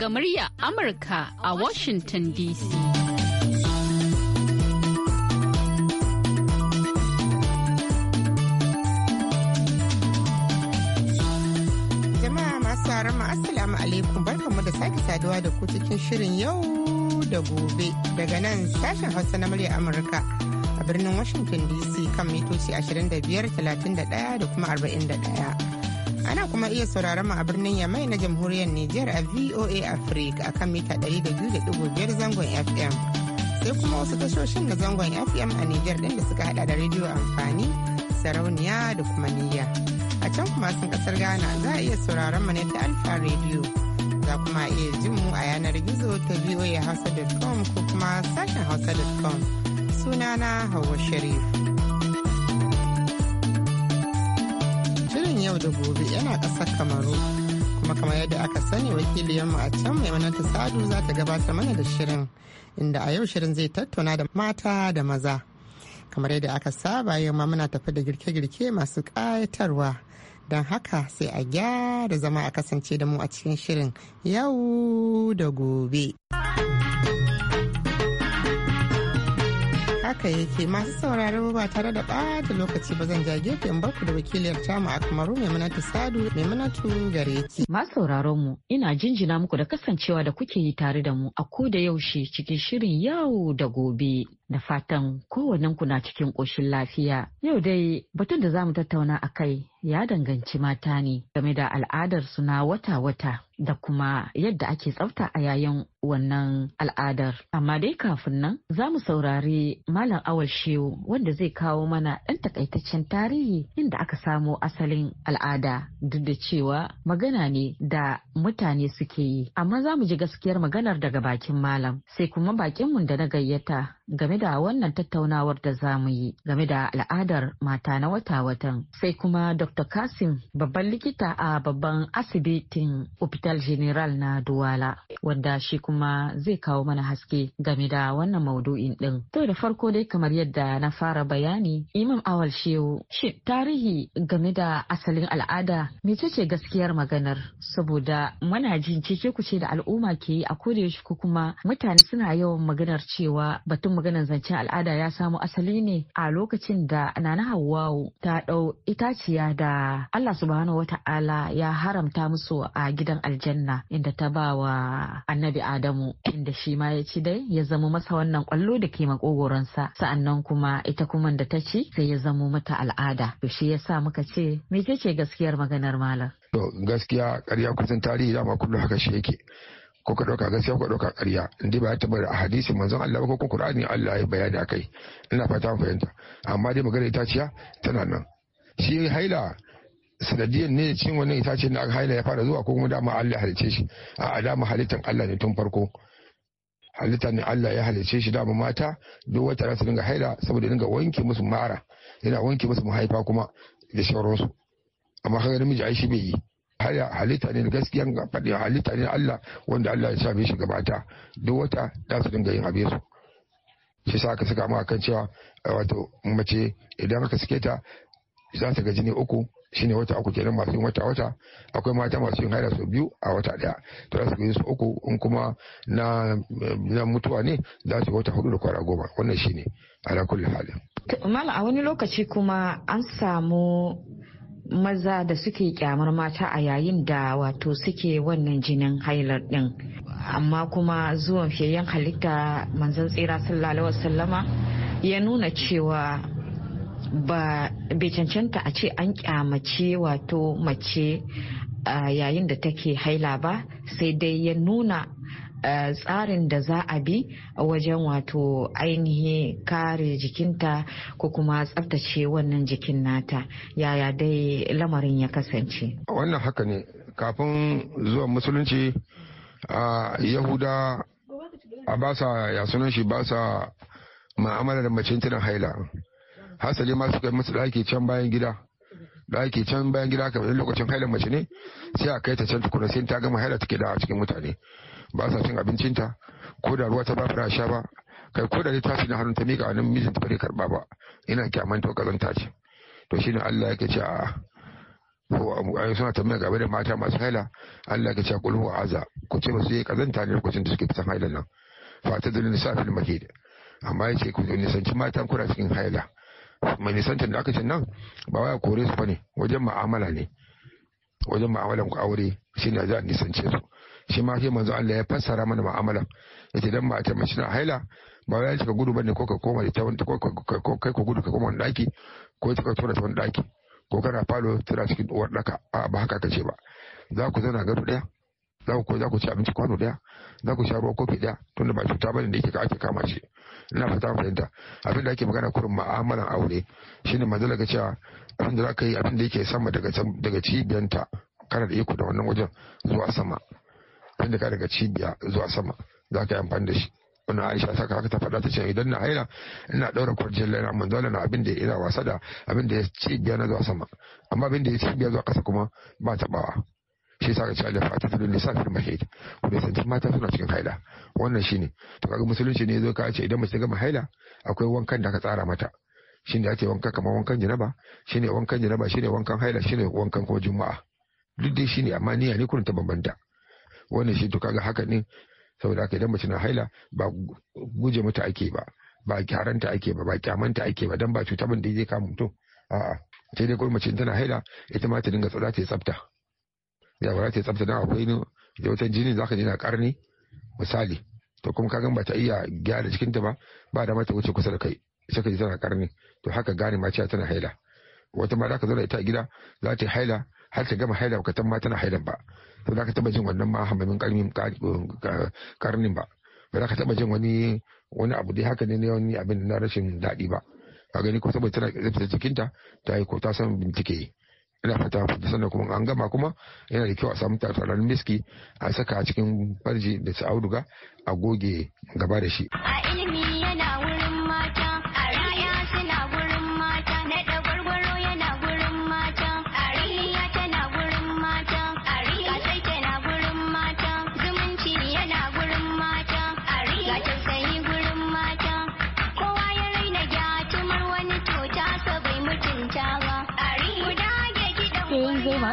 daga murya Amurka a Washington DC. Jama'a masu mu Assalamu alaikum barkanmu da sake saduwa da ku cikin shirin yau da gobe daga nan sashen Hausa na murya Amurka a birnin Washington DC kan mitoci 25, 31 da kuma 41. Ana kuma iya sauraron mu a birnin Yamai na jamhuriyar Nijar a VOA Africa akan mita 200.5 zangon FM. Sai kuma wasu tashoshin na zangon FM a Nijar ɗin da suka hada da rediyo amfani, sarauniya da kuma niyya. A can kuma sun kasar Ghana za a iya sauraron mu ne ta Alfa Radio. Za kuma iya jin mu a yanar gizo ta Hausa.com ko kuma sashen hausa.com. Sunana Hauwa Sharif. yau da gobe yana ƙasar kamaru kuma kamar yadda aka sani wakiliyarmu a can mai mananta sadu za ta gabatar mana da shirin inda a yau shirin zai tattauna da mata da maza kamar yadda aka saba yau ma muna tafi da girke-girke masu ƙayatarwa don haka sai a gyara zama a kasance da mu a cikin shirin yau da gobe. haka yake masu sauraro ba tare da ɓata lokaci ba zan jage in barku da wakiliyar tamu a kamaru maimunatu sadu manatu gare ki. masu sauraron mu ina jinjina muku da kasancewa da kuke yi tare da mu a ko da yaushe cikin shirin yawo da gobe da fatan kowannen na cikin ƙoshin lafiya. Yau dai batun da za mu tattauna a kai ya danganci mata ne game da al'adar su na wata-wata da kuma yadda ake tsafta a yayin wannan al'adar. Amma dai kafin nan za mu saurari Malam Awal Shehu wanda zai kawo mana ɗan takaitaccen tarihi inda aka samo asalin al'ada duk da cewa magana ne da mutane suke yi. Amma za mu ji gaskiyar maganar daga bakin Malam sai kuma bakinmu da na gayyata game da wannan tattaunawar da za mu yi game da al'adar mata na wata-watan. Sai kuma Dr. Kasim babban likita a babban asibitin Hospital General na Duwala wanda shi kuma zai kawo mana haske game da wannan maudu'in ɗin. To da farko dai kamar yadda na fara bayani Imam Awal Shehu shi tarihi game da asalin al'ada mecece gaskiyar maganar saboda muna jin cece kuce da al'umma ke yi a kodayaushe ko kuma mutane suna yawan maganar cewa batun maganar zancen al'ada ya samo asali ne a lokacin da nana Hawwa'u ta ɗau itaciya da Allah subhanahu ta'ala ya haramta musu a gidan aljanna inda ta ba wa annabi Adamu inda shi ma ya ci dai ya zama masa wannan kwallo da ke makogoronsa sa'annan kuma ita kuma da ta ci sai ya zamo mata al'ada to shi yasa muka ce mece ce gaskiyar maganar malam to gaskiya ƙarya kusan tarihi dama kullum haka shi yake ko ka ɗauka gaskiya ko ka ɗauka ƙarya in dai ba ta bari a hadisi manzon Allah ko Qur'ani Allah ya bayani akai ina fata fahimta amma dai magana itaciya tana nan shi haila sanadiyan ne cin wannan itace da aka haila ya fara zuwa ko kuma dama Allah ya halice shi a dama halittan Allah ne tun farko halitta ne Allah ya halice shi dama mata duk wata za dinga haila saboda dinga wanke musu mara yana wanke musu mahaifa kuma da shauransu amma kaga namiji ai shi bai yi haya halitta ne gaskiyan faɗi halitta ne Allah wanda Allah ya same shi gabata duk wata za su dinga yin abin su shi sa aka saka maka kan cewa eh, wato mace idan aka sake ta za ta ga jini uku shine wata uku kenan masu yin wata wata akwai mata masu yin haila su biyu a wata daya to za su yi su uku in kuma na na mutuwa ne za su yi wata hudu da kwara goma wannan shine ala kulli halin mala a wani lokaci kuma an samu maza da suke kyamar mata a yayin da wato suke wannan jinin hailar din amma kuma zuwan fiyayyen halitta manzan tsira sallallahu sallama ya nuna cewa ba bai cancanta a ce an kyamace wato mace yayin da take haila ba sai dai ya nuna Eh, tsarin da za a bi wajen wato ainihin kare jikinta ko kuma tsabtace wannan jikin nata yaya dai lamarin ya kasance wannan haka ne kafin zuwa musulunci a yahuda a ba sa ya sunan shi ba sa ma'amala da mace tunan haila hasali ma suka yi musu ɗaki can bayan gida ɗaki can bayan gida kamar lokacin haila mace ne sai a kai ta can tukuna sai ta gama haila take da a cikin mutane ba sa cin abincinta ko da ruwa ta ba fara sha ba kai ko da ta na hannun ta mika a nan mijinta bare karba ba ina kyaman ta kazanta ce to shine Allah yake ce a ai suna tambaya gaba da mata masu haila Allah yake ce kul huwa aza ku ce ba su yi kazanta ne lokacin da suke fitan haila nan fa ta dalilin sa da mahid amma yace ku nisanci matan kuna cikin haila mai nisantar da aka ce nan ba waya kore su bane wajen ma'amala ne wajen ma'amalan ku aure shine za a nisance su shi ma sai manzo Allah ya fassara mana mu'amalan yace dan mata mace na haila ba wai ka gudu bane ko ka koma da tawon ko kai ka gudu ka koma daki ko ka tura wani daki ko kana falo tura cikin uwar daka a ba haka kace ba za ku zauna gado daya za ku za ku ci abinci kwano daya za ku sha ruwa kofi daya tunda ba cuta bane da yake ake kama shi ina fata fahimta abin da ake magana kurin mu'amalan aure shine manzo ga cewa abin da za ka yi abin da yake sama daga cibiyanta kana da iko da wannan wajen zuwa sama tun daga daga cibiya zuwa sama za ka yi amfani da shi wani aisha saka haka ta faɗa ta ce idan na haila ina ɗaura kwarjiyar lera mun dole na abin da ina wasa da abin da ya cibiya na zuwa sama amma abin da ya cibiya zuwa ƙasa kuma ba taɓawa shi sa ka ci alifa ta tudun lissafin mahid kuma sanci mata suna cikin haila wannan shine to kaga musulunci ne zo ka ce idan mace gama haila akwai wankan da aka tsara mata shine ake wanka kamar wankan shi shine wankan shi shine wankan haila shine wankan ko juma'a duk dai shine amma niyya ne kurin ta bambanta wannan shi to kaga haka ne saboda haka idan mace na haila ba guje mata ake ba ba kyaranta ake ba ba kyamanta ake ba dan ba cuta ban da zai kama mutum a'a sai dai kuma mace tana haila ita ma ta dinga tsada ta tsafta ya ba ta tsafta dan akwai ne da wata jini zaka ji na karni misali to kuma kagan ba ta iya gyara ta ba ba da mata wuce kusa da kai sai ka ji tana karni to haka gane ma cewa tana haila wata ma zaka zo da ita gida za ta haila har ta gama haila ba ka ma tana hailan ba to za ka taba jin wannan ma hamamin karnin ba ba za ka taba jin wani wani abu dai haka ne na wani abin na rashin daɗi ba a gani ko saboda tana zafi jikinta ta yi ko ta san bincike ina fata da sannan kuma an gama kuma yana da kyau a samu tattaran miski a saka cikin farji da su auduga a goge gaba da shi.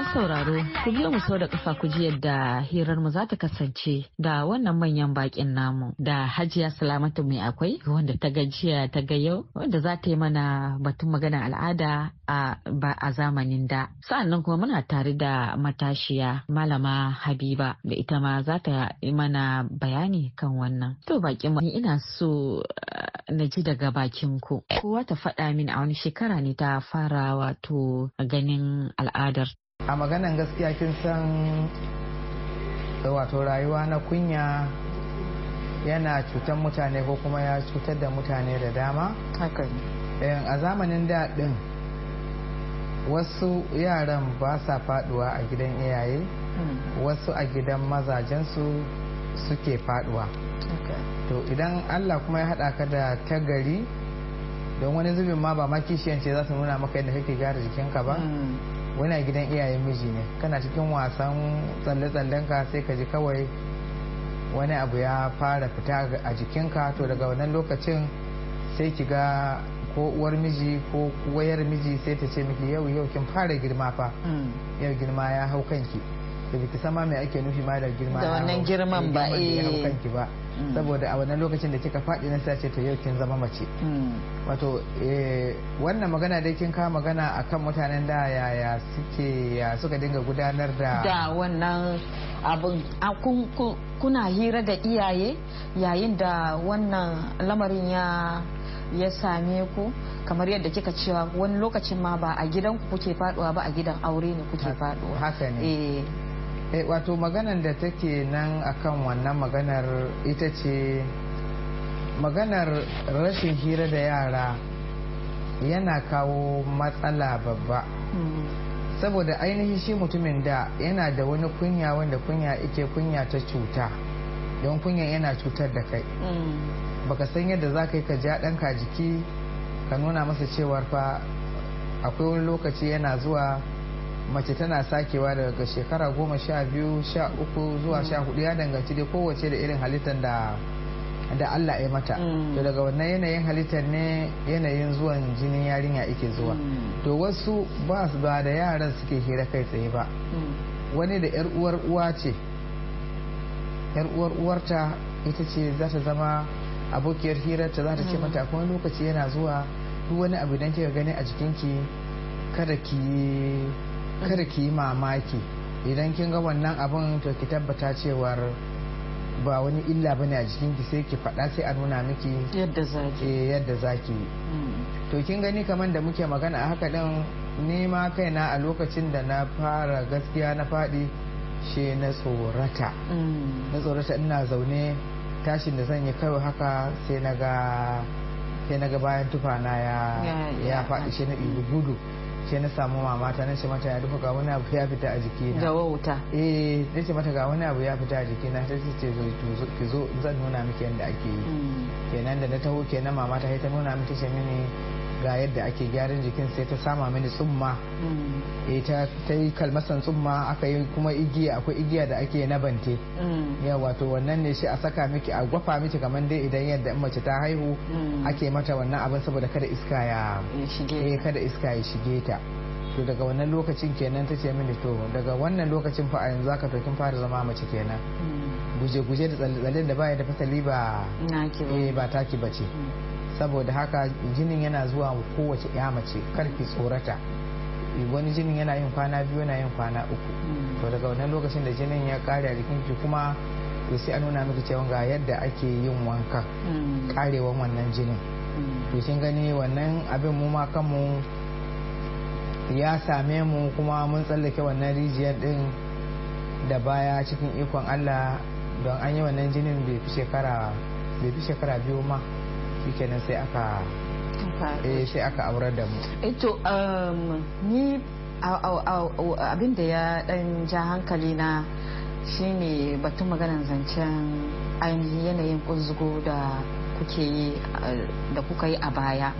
masu sauraro ku biyo mu sau da kafa ku ji yadda hirar mu za ta kasance da wannan manyan bakin namu da hajiya salamatu mai akwai wanda ta gajiya ta ga yau wanda za ta yi mana batun magana al'ada a a zamanin da sa'annan kuma muna tare da matashiya malama habiba da ita ma za ta yi mana bayani kan wannan to bakin mu ina so eh, na ji daga bakin ku kowa ta faɗa min a wani shekara ne ta fara wato ganin al'adar a maganan gaskiya kin san wato rayuwa na kunya yana cutar mutane ko kuma ya cutar da mutane da dama eh, a zamanin daɗin wasu yaran ba sa faduwa a gidan iyaye hmm. wasu a gidan mazajensu suke faduwa to idan allah kuma ya haɗa ka da tagari don wani zubin ma ba makishiyance kishiyance za su nuna maka yadda kake gyara jikinka ba hmm. wani gidan iyayen miji ne kana cikin wasan tsalle-tsallen ka sai ka ji kawai wani abu ya fara fita a jikinka to daga wannan lokacin sai ki ga ko uwar miji ko wayar miji sai ta ce miki yau yau kin fara girma fa mm. yau girma ya hau kanki da ki sama mai ake nufi ma da girma da wannan girman ba eh kanki ba Mm. saboda a wannan lokacin da kika faɗi na sace ta yau kin zama mace mm. wato eh, wannan magana dai kin kawo magana akan mutanen da yaya suke ya suka dinga gudanar da da wannan abin kuna hira da iyaye yayin da wannan lamarin ya ya same ku kamar yadda kika cewa wani lokacin ma ba a gidan ku kuke faduwa ba a gidan aure ne kuke faduwa haka ne eh. Eh, wato maganar da take nan akan wannan maganar ita ce maganar rashin hira da yara yana kawo matsala babba saboda ainihi shi mutumin da yana da wani kunya wanda kunya ike kunya ta cuta don kunya yana cutar da kai baka san yadda za ka yi ka ja ɗanka jiki ka nuna masa cewar fa akwai wani lokaci yana zuwa mace tana sakewa daga shekara goma sha biyu sha uku zuwa sha hudu ya danganci dai kowace da irin halittar da da Allah ya mata mm. to daga wannan yanayin halittar ne yanayin zuwan jinin yarinya ike zuwa mm. to wasu ba su ba da yaran suke hira kai tsaye ba mm. wani da yar uwar uwar uwarta ita ce za ta zama abokiyar hirarta za ta ce mata kuma lokaci yana zuwa duk wani abu dan kika gani a jikinki kada ki kada ki yi mamaki idan kin ga wannan abin to ki tabbata cewar ba wani illa bane a jikin ki sai ki faɗa sai a nuna miki yadda zaki eh, yadda zaki mm. to kin gani kamar da muke magana a haka din ni ma kaina a lokacin da na fara gaskiya na faɗi she na tsorata mm. na tsorata ina zaune tashin da zan yi kawai haka sai na ga sai na bayan tufana ya faɗi shi na gudu sai na samu mamata na ce mata ya duka ga wani abu ya fita a jiki na ga wuta. eh na ce mata ga wani abu ya fita a jiki na ta ce zo ki zo zan nuna miki yadda ake yi hmm. kenan da na taho kenan mamata ta nuna miki ce mini ga yadda ake gyaran jikin sai ta sama mini tsumma ita mm. eh, ta yi kalmasan tsumma aka yi kuma igiya akwai igiya da ake na bante mm. ya wato wannan ne shi a saka miki a gwafa miki kamar dai idan yadda mace ta haihu mm. ake mata wannan abin saboda kada iska ya eh, kada iska ya shige ta to daga wannan lokacin kenan ta ce mini to daga wannan lokacin fa a yanzu aka to kin fara zama mace kenan guje-guje da tsalle-tsalle da baya da fasali ba eh, ba taki bace saboda haka jinin yana zuwa kowace ya mace karki tsorata wani jinin yana yin kwana biyu yana yin kwana uku to daga wannan lokacin da jinin ya kare a jikinki kuma to sai a nuna miki cewa ga yadda ake yin wanka karewan mm. wannan jinin mm. to kin gani wannan abin mu ma kanmu ya same mu kuma mun tsallake wannan rijiyar din da baya cikin ikon Allah don an yi wannan jinin bai fi shekara biyu ma kenan sai aka eh, sai aka aurar da mu eh um, ni abin da ya dan ja hankali na shine batun maganan zancen ainihin yanayin kunzugo da kuke yi da kuka yi a baya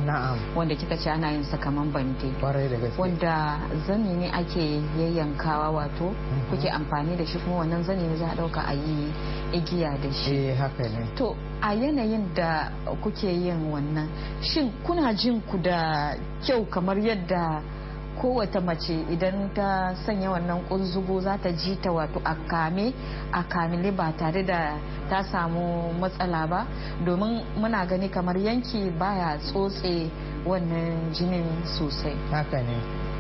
wanda kika ce ana yin sakaman bande wanda zani ne ake yayyankawa wato mhm. kuke amfani da shi kuma wannan zani ne za a dauka a yi igiya da shi eh, to a yanayin da kuke yin wannan shin kuna jin ku da kyau kamar yadda kowace mace idan ta sanya wannan kunzugu za ta ji ta wato a kame a kamile ba tare da ta samu matsala ba domin muna gani kamar yanki baya tsotse wannan jinin sosai haka ne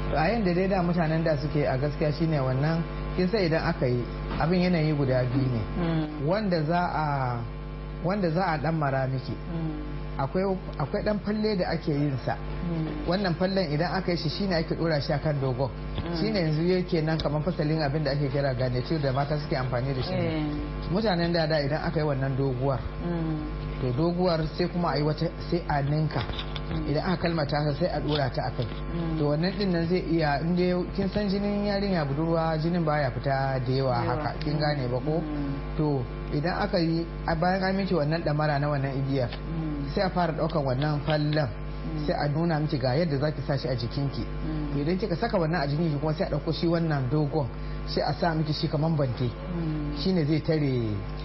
to a da dai da mutanen da suke a gaskiya shine wannan kisa idan aka yi abin yanayi guda biyu ne mm. wanda za a wanda za a dan mara miki mm. akwai dan falle da ake yin sa wannan fallen idan aka yi shi shine ake dora shi akan dogon shine yanzu yake nan kamar fasalin abin da ake kira garniture da mata suke amfani da shi eh. mutanen da da idan aka yi wannan doguwar mm. to doguwar sai kuma a yi wata sai a ninka mm. idan aka kalmata ta sai a dora ta akai mm. to wannan din nan zai iya dai kin san jinin yarinya budurwa jinin baya fita da yawa haka kin gane ba ko to idan aka yi bayan aminci wannan damara na wannan igiyar sai a fara daukan wannan fallan mm. sai a nuna miki ga yadda zaki sa shi a jikinki mm. to idan kika saka wannan a jikinki kuma sai a dauko shi wannan dogon sai a sa miki shi kaman bante mm. shine zai tare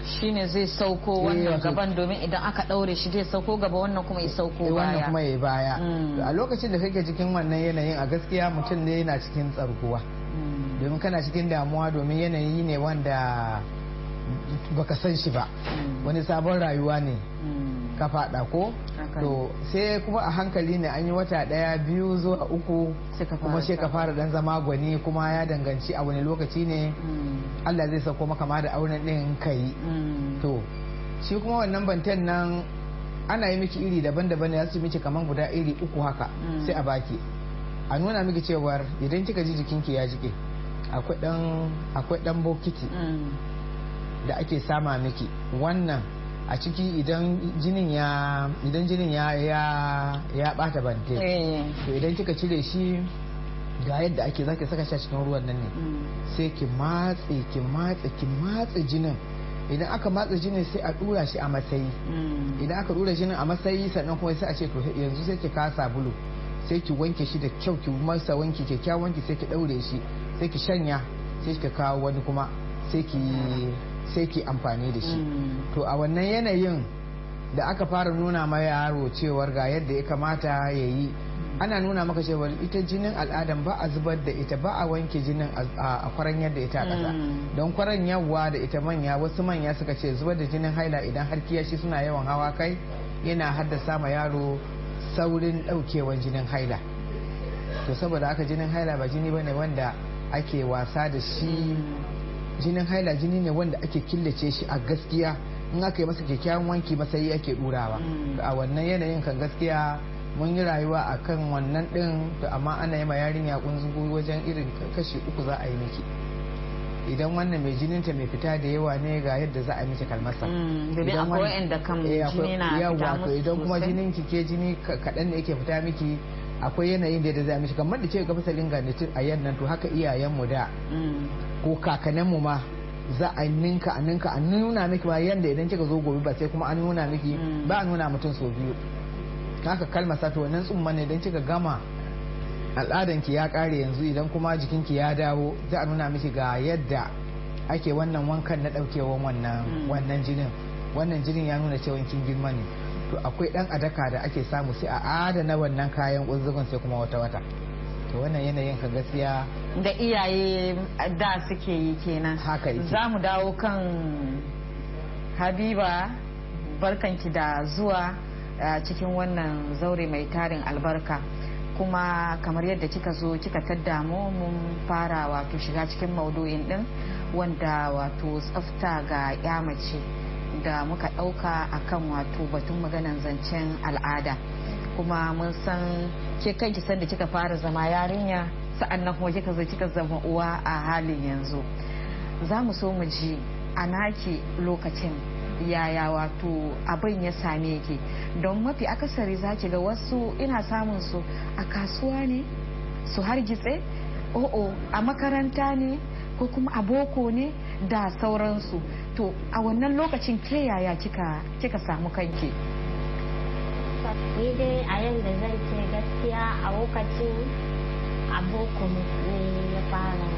shine zai sauko eh, wannan gaban domin idan aka daure shi zai sauko gaba wannan kuma ya sauko eh, baya wannan kuma ya baya a lokacin da kake cikin wannan yanayin a gaskiya mutum ne yana cikin tsarkuwa domin kana cikin damuwa domin yanayi ne wanda baka san shi ba wani sabon rayuwa ne ka fada ko to sai kuma a hankali ne an yi wata daya biyu zuwa uku kuma sai ka fara dan zama gwani kuma ya danganci a wani lokaci ne mm. Allah zai sauko maka ma da auren din kai mm. to shi kuma wannan bantan nan ana yi miki iri daban-daban ne su miki kaman guda iri uku haka mm. sai a baki a nuna miki cewar idan kika ji jikin ki ya jike akwai dan bokiti da ake sama miki wannan a ciki idan jinin ya idan jinin ya ya ya bata bante eh. to idan kika cire shi ga yadda ake zaki saka shi a cikin ruwan nan ne mm. sai ki matse ki matse ki matse jinin idan aka matsa jinin sai a dura shi a matsayi mm. idan aka dura jinin a matsayi sannan kuma sai a ce to yanzu sai ki ka sabulu sai ki wanke shi da kyau ki masa wanki kyakkyawan wanki sai ki daure shi sai ki shanya sai ki kawo wani kuma sai ki sai ke amfani da shi mm. to a wannan yanayin da aka fara nuna ma yaro cewar ga yadda ya kamata ya yi ana nuna maka cewar ita jinin al'adan ba a zubar da ita ba a wanke jinin a kwaran yadda ita a ƙasa mm. don kwaran yawwa da ita manya wasu manya suka ce zubar da jinin haila idan har kiyashi suna yawan hawa kai yana haddasa ma yaro saurin ɗaukewan jinin haila to saboda haka jinin haila ba jini bane wanda ake wasa da shi mm. jinin haila jini ne wanda ake killace shi a gaskiya in aka yi masa kyakkyawan wanki masayi ake ɗurawa mm. a wannan yanayin kan gaskiya mun yi rayuwa a kan wannan ɗin da amma ana yi ma yarinya kunzugu wajen irin kashi uku za a yi miki idan wannan mai jininta mai fita da yawa ne ga yadda za a miki kalmasa mm, idan akwai inda kan eh, jini na fita idan kuma jinin ki ke jini kaɗan ne yake fita miki akwai yanayin da yadda za a miki kamar da ce ga fasalin ganitin a yannan to haka iyayenmu da mm. ko kakanninmu ma za a ninka a ninka a nuna miki ba yanda idan kika zo gobe ba sai kuma an nuna miki mm. ba a nuna mutum sau biyu haka kalma sato wannan tsumma ne idan kika gama ki ya kare yanzu idan kuma jikinki ya dawo za a nuna miki ga yadda ake wannan wankan na daukewan wannan mm. wannan jinin wannan jinin ya nuna cewa kin girma ne to akwai dan adaka da ake samu sai a adana wannan kayan kunzugun sai kuma wata wata to wannan yanayin ka gaskiya da iyaye da suke yi kenan haka yake za mu dawo kan habiba barkanki da zuwa cikin wannan zaure mai tarin albarka kuma kamar yadda kika zo kika tadda mu mun fara wato shiga cikin maudu'in din wanda wato tsafta ga ya mace da muka ɗauka akan wato batun maganan zancen al'ada kuma mun san ke kanki sanda kika fara zama yarinya sa'annan kuma kika zo kika zama uwa a halin yanzu za mu so mu ji a naki lokacin yaya wato abin ya same ki don mafi akasari za ki ga wasu ina samun su a kasuwa ne su har gitse o'o a makaranta ne ko kuma a boko ne da sauransu to a wannan lokacin ke yaya kika samu kanki ni dai a yanda zan ce gaskiya a lokacin aboko ne ya fara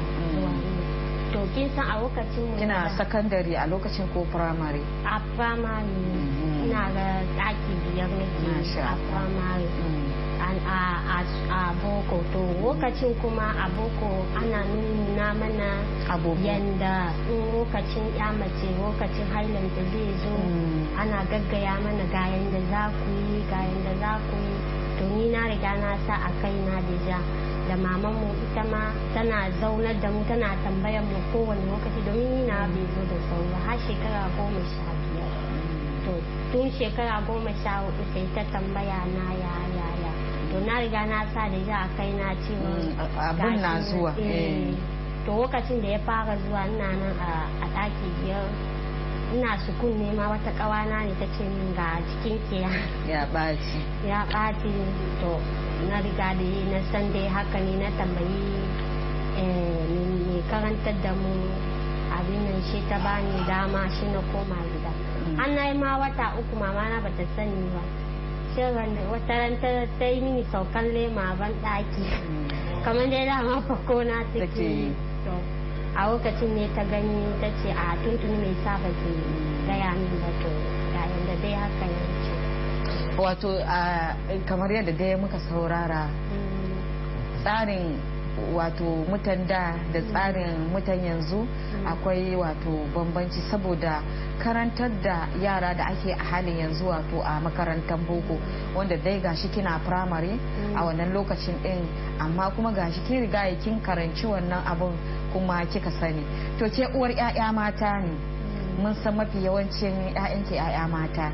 to kin san a lokacin kina sakandare a lokacin ko firamare a primary mhm. ina ga ɗaki biyar nake a primary mhm. a boko to lokacin kuma a boko ana nuna mana abu yanda lokacin ya mace lokacin hailan da zai zo mm. ana gaggaya mana ga yanda za ku yi ga yanda za ku yi to ni na riga na sa a kai na deja da mamanmu ita ma tana zaunar da mu tana tambayar mu kowane lokaci domin ni na bai zo da sauri har shekara goma sha biyar to tun shekara goma sha hudu sai ta tambaya na yaya to na riga na sa da ja a kai na ce mm, abun na zuwa eh. Eh. to lokacin da ya fara zuwa ina nan a ɗaki biyar ina sukun nema wata kawana ne ta ce min ga cikin ke ya ɓaci ya ɓaci to na riga da yi na san dai haka ne na tambayi eh, mai karantar da mu abin nan shi ta bani dama shi na koma gida mm. an na yi ma wata uku mama na bata sani ba cewa wata ta yi mini saukan lema ban daki kamar dai dama fako na take a lokacin ne ta gani ta ce a tuntuni mai sa ba ke gaya min ba to yayin da dai haka ya ce wato kamar yadda dai muka saurara mm. tsarin wato mutan da da tsarin mutan yanzu akwai wato bambanci saboda karantar da yara da ake a halin yanzu wato a makarantar boko wanda dai gashi kina firamare a wannan lokacin din amma kuma gashi kin riga kin karanci wannan abun kuma kika sani to ke uwar 'ya'ya mata ne mun san mafi yawancin 'ya'yanki 'ya'ya mata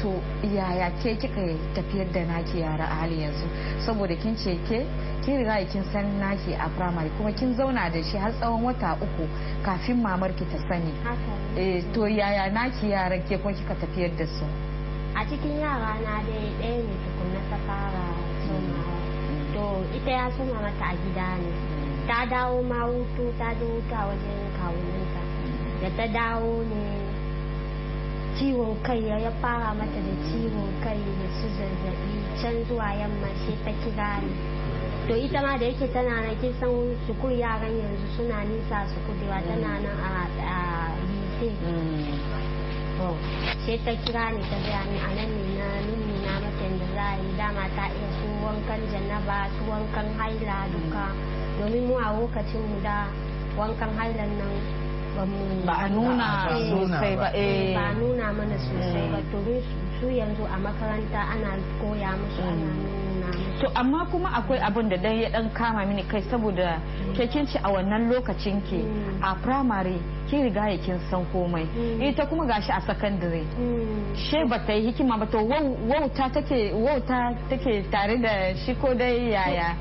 to yaya ke kika tafiyar da naki yara a hali yanzu saboda kin ce ke kin riga kin san naki a primary kuma kin zauna da shi har tsawon wata uku kafin mamar ki ta sani eh to yaya naki yara ke kuma kika tafiyar da su a cikin yara na dai ɗaya ne tukunna ta fara to ita ya soma mata a gida ne ta dawo ma hutu ta zo wuta wajen kawunanta da ta dawo ne ciwon kai ya fara mata da ciwon kai da su zazzabi can zuwa yamma sai ta kira ni to ita ma da yake tana na kin san yaran yanzu suna nisa sukul da tana nan a yi sai ta kira ni ta gaya ni a ne na nuni na mata da za yi dama ta iya su wankan jannaba su wankan haila duka domin mu a lokacin mu da wankan hailan nan ba a nuna ba ba nuna mana sosai eh. ba domin su yanzu a makaranta ana koya musu mm. ana nuna to amma kuma akwai abin da dan ya dan kama mini kai saboda mm. kekinci ci a wannan lokacin ki mm. a primary kin riga ya kin san komai ita kuma gashi a secondary she ba ta yi hikima ba to wauta take wauta take tare da shi ko dai yaya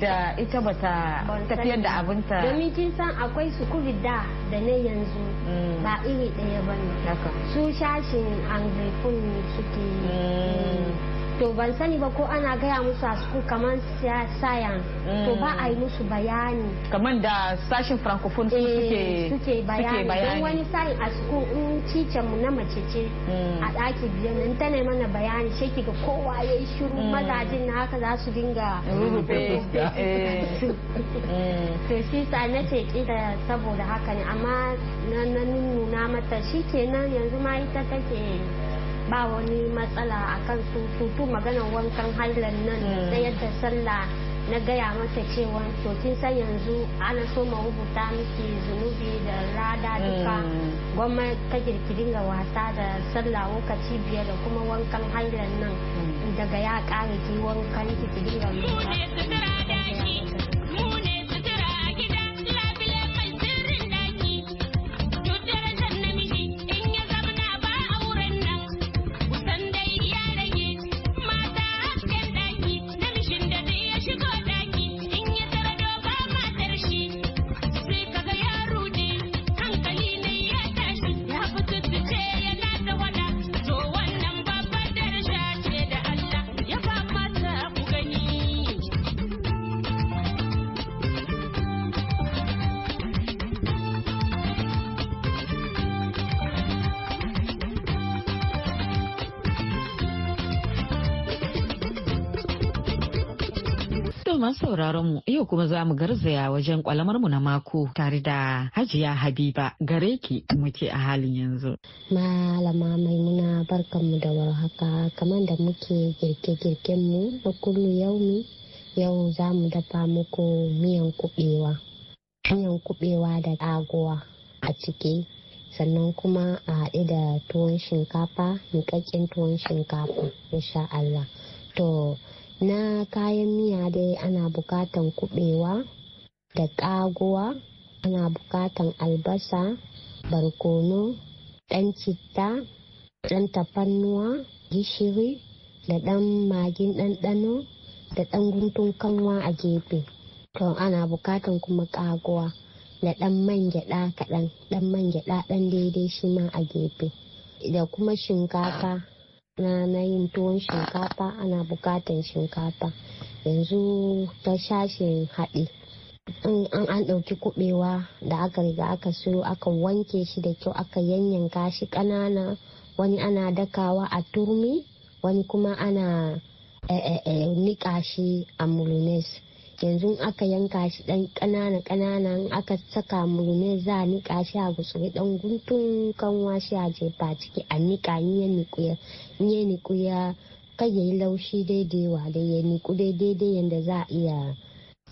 da ita ba ta tafiyar da abinta domin kin san akwai su da da ne yanzu mm. ba iri ɗaya bane su shashin angrifun ne suke mm. to ban sani ba ko ana gaya musu a su kamar sayan. to ba a yi mm. musu bayani kamar da sashin francophone su eh, suke bayani don wani sa'in a su in cicen mu na mace ce mm. a ɗaki biyan nan ta mana bayani sai kiga kowa ya yi shiru mm. mazajin na haka za su dinga rubuce eh. to shi sa na ce kira saboda haka ne amma na nuna mata shi kenan yanzu ma ita take ba wani matsala a kan tutu maganar wankan hailan nan da mm. yadda sallah na gaya mata cewa to san yanzu ana so ma rubuta miki zunubi da rada duka mm. gwamma ta kirkiri ga wasa da sallah lokaci biyar da kuma wankan hailan nan mm. daga ya kare ki wankan ki dinga sauraronmu mu yau kuma za mu garzaya wajen kwalamar mu na mako tare da Hajiya Habiba gare ki muke a halin yanzu. Malama Maimuna barkanmu da warhaka kamar da muke girke-girken mu na yau mu yau za mu dafa muku miyan kubewa. Miyan kubewa da agowa a ciki sannan kuma a haɗe da tuwon shinkafa niƙaƙƙen tuwon shinkafa insha Allah. To na kayan miya dai ana bukatan kubewa da ƙaguwa ana bukatan albasa barkono ɗan citta ɗan tafannuwa gishiri da ɗan magin ɗanɗano da ɗan guntun kanwa a gefe to ana bukatan kuma ƙaguwa da ɗan man kaɗan ɗan man ɗan daidai shi ma a gefe da kuma shinkafa na na yin tuwon shinkafa ana bukatan shinkafa yanzu ta shashin haɗe an an ɗauki kuɓewa da aka riga aka siyo aka wanke shi da kyau aka yanyanka shi ƙanana wani ana dakawa a turmi wani kuma ana eh, eh, eh, niƙa shi a mulunes yanzu aka yanka shi dan kanana kanana aka saka murme za a nika shi a gutsuri dan guntun kanwa shi a jefa ciki a nika in ya niku ya ya niku ya kai yayi laushi daidai wa da ya niku daidai yanda za a iya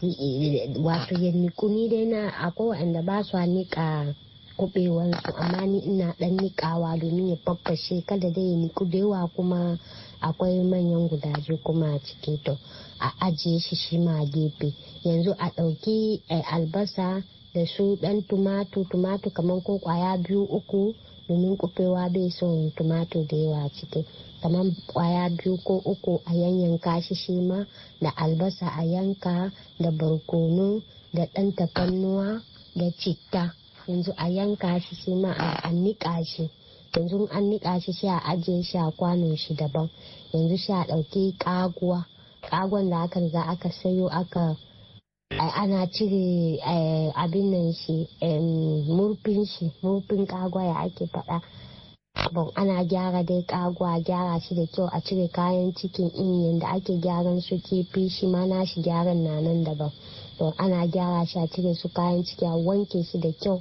eh, eh, wato ya niku ni dai na akwai wanda ba su nika kubewansu amma ni ina dan nikawa domin ya babbashe kada dai ya niku da kuma akwai manyan gudaje kuma a ciki to a ajiye shi shi ma gefe yanzu a ɗauki eh, albasa da su ɗan tumatu tumatu kamar ko kwaya biyu uku domin kubewa bai son tumatu da yawa ciki kamar kwaya biyu ko uku a yanyanka shi shi ma da albasa a yanka da barkono da ɗan tafannuwa da citta yanzu a yanka shi shi ma a niƙa shi yanzu an niƙa shi shi a ajiye shi a kwanon shi daban yanzu shi a ɗauki ƙaguwa ƙagon da aka riga aka sayo aka ana cire eh, abin nan shi murfin shi murfin ƙagwa ya ake faɗa bon ana gyara dai kagwa gyara shi da kyau a cire kayan cikin in yadda ake gyaran su kifi shi ma nashi gyaran na nan daban don ana gyara shi a cire su kayan ciki a wanke shi da kyau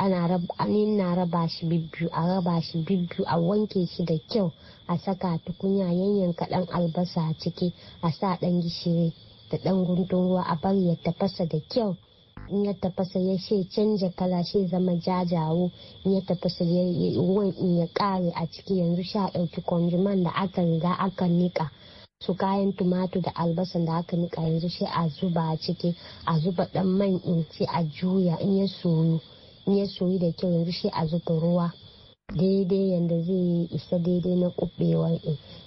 ana raba shi bibbiyu a raba shi bibbiyu a wanke shi da kyau a saka tukunya yanyanka dan albasa a ciki a sa dan gishiri da dan guntun ruwa a bari ya tafasa da kyau in ya tafasa ya she canja kala she zama jajawo in ya tafasa ruwan in ya kare a ciki yanzu sha ɗauki kanjuman da aka riga aka nika su kayan tumatu da albasa da aka nika yanzu sai a zuba a ciki a zuba dan man in a juya in ya soyu in ya soyu da kyau yanzu shi a zuba ruwa daidai yadda zai isa daidai na kubewa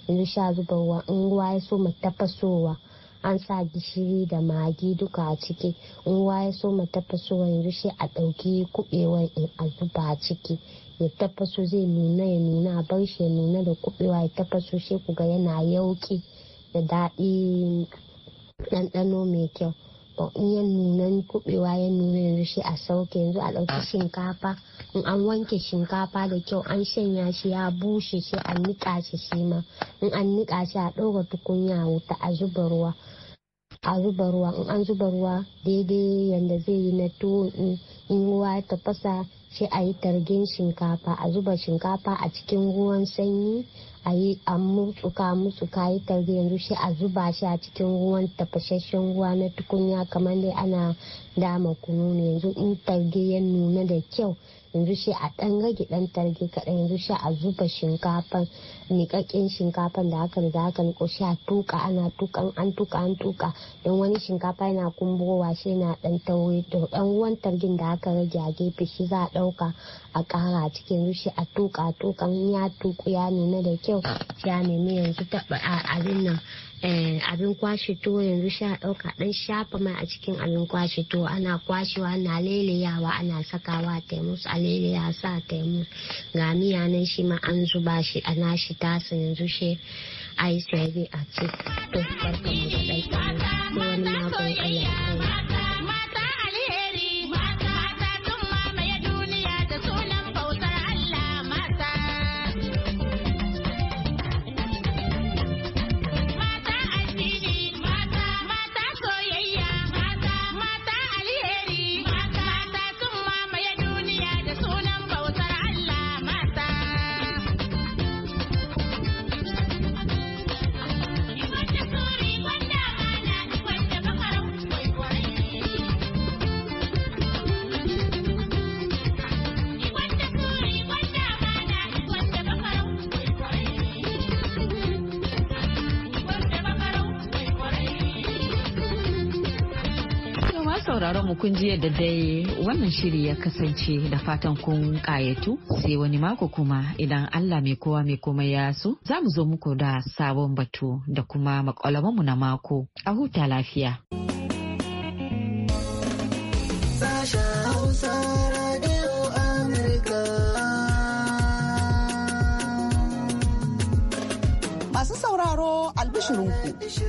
yanzu a zuba ruwa in ruwa ya so tafasowa an sa gishiri da magi duka a ciki in ruwa ya so tafasowa yanzu shi a ɗauki kubewa in a zuba a ciki ya tafaso zai nuna ya nuna a bar shi ya nuna da kubewa ya tafaso shi kuga yana yauki da daɗi ɗanɗano mai kyau Oh, in ya nuna kubewa ya nuna yanzu shi a sauke yanzu a ɗauki ah. shinkafa in an wanke shinkafa da kyau an shanya shi ya bushe shi an niƙa shi shi ma in an niƙa shi a ɗora tukunya wuta a zuba ruwa a zuba ruwa in an zuba ruwa daidai yadda zai yi na tuwo in ruwa ya tafasa shi a yi targin shinkafa a zuba shinkafa a cikin ruwan sanyi a yi a mutsuka musu kayi targe yanzu shi a zuba shi a cikin ruwan tafashashen ruwa na tukunya kamar dai ana dama kunu ne yanzu in targe ya nuna da kyau yanzu shi a ɗan rage ɗan targe kaɗan yanzu shi a zuba shinkafan niƙaƙƙen shinkafan da aka riga aka niko shi a tuka ana tuka an tuka an tuka don wani shinkafa yana kumbowa shi yana ɗan tauri to ɗan ruwan targin da aka rage a gefe shi za a ɗauka a ƙara a cikin yanzu shi a tuka tuka ya tuku ya nuna da kyau kyau ya yanzu taɓa abin nan eh, abin kwashe tuwo yanzu sha ɗauka ɗan shafa mai a cikin abin kwashe tuwo ana kwashewa ana leleyawa ana sakawa taimus a leleya sa taimus ga miya nan shi ma an zuba shi a nashi tasa yanzu shi a yi sai a ce to barka mu da ɗan wani kun ji yadda dai wannan shiri ya kasance da fatan kun kayatu sai wani mako kuma idan Allah mai kowa mai komai ya so za mu zo muku da sabon batu da kuma makwalamanmu na mako a huta lafiya. Masu sauraro albishirinku.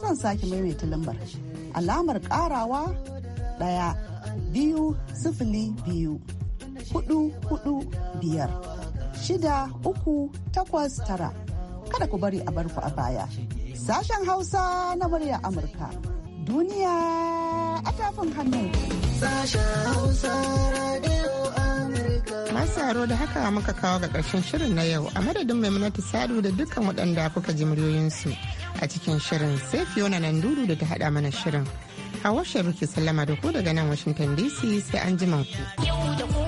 zan sake maimaita lambar alamar karawa ɗaya biyu sifili biyu hudu hudu biyar shida uku takwas tara kada ku bari a barku a baya sashen hausa na murya amurka duniya a tafin masu haro da haka muka kawo ga ƙarshen shirin na yau a madadin maimunatu sadu da dukkan waɗanda kuka ji muryoyinsu a cikin shirin sai Fiona nan dudu da ta hada mana shirin. Hawar Sharuki Sallama da ku daga nan Washington DC sai an jima ku.